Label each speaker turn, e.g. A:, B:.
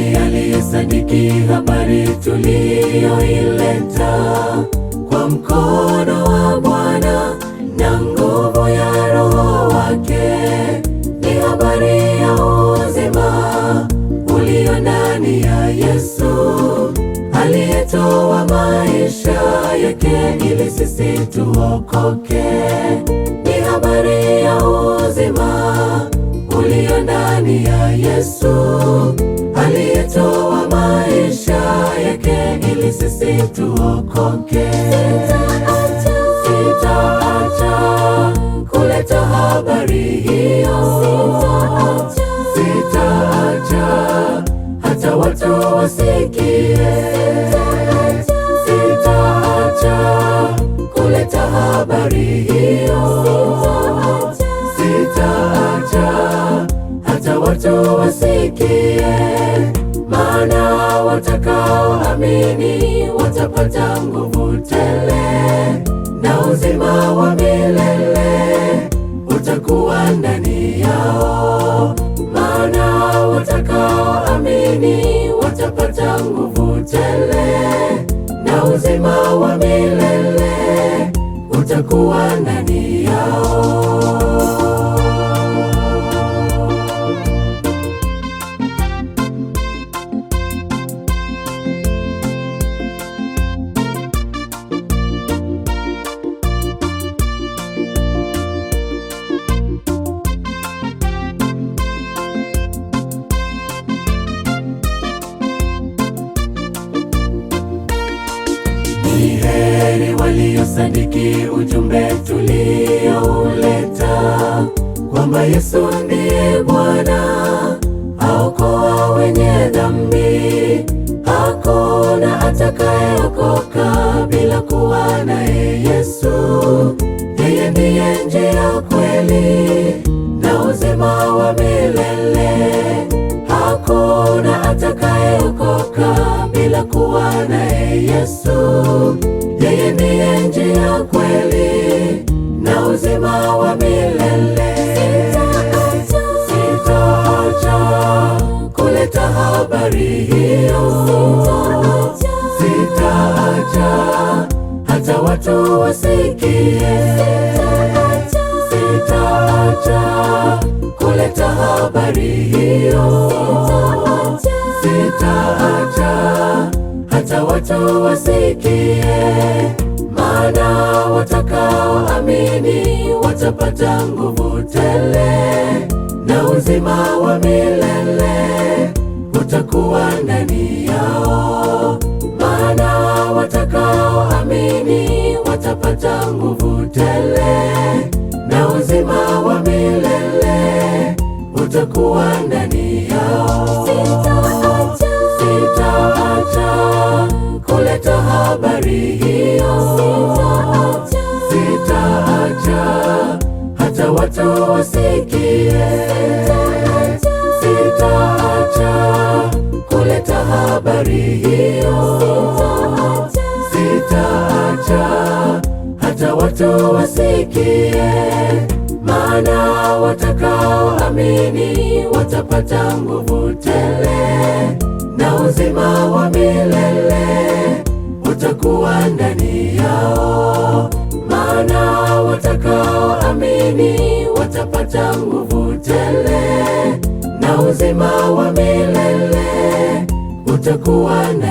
A: Nani aliyesadiki habari tuliyoileta? Kwa mkono wa Bwana na nguvu ya Roho wake, ni habari ya uzima ulio ndani ya Yesu aliyetoa maisha yake ili sisi tuokoke. Ni habari ya uzima ulio ndani ya Yesu. sisi tuokoke. Sitaacha, sitaacha kuleta habari hiyo, sitaacha, sitaacha hata watu wasikie, sitaacha, sitaacha kuleta habari hiyo, sitaacha, sitaacha hata watu wasikie maana watakaoamini utapata nguvu tele na uzima wa milele utakuwa ndani yao, maana watakaoamini watapata nguvu tele na uzima wa milele utakuwa ndani wale waliosadiki ujumbe tuliouleta, kwamba Yesu ndiye Bwana aokoa wenye dhambi, hakuna atakayeokoka bila kuwa naye Yesu. Yeye ndiye njia, kweli na uzima wa milele, hakuna atakayeokoka bila kuwa naye Yesu. Yeye ndiye njia, kweli na uzima wa milele. Sitaacha, sitaacha kuleta habari hiyo, sitaacha, sitaacha hata watu wasikie, sitaacha, sitaacha kuleta habari hiyo, sitaacha, sitaacha hata watu wasikie, maana watakaoamini watapata nguvu tele, na uzima wa milele utakuwa ndani yao. Maana watakaoamini watapata nguvu tele, na uzima wa milele utakuwa ndani yao. habari hiyo, sitaacha, sitaacha hata watu wasikie, sitaacha, sitaacha kuleta habari hiyo, sitaacha, sitaacha hata watu wasikie, maana watakaoamini watapata nguvu tele na uzima wa milele watakuwa ndani yao. Maana watakaoamini watapata nguvu tele, na uzima wa milele utakuwa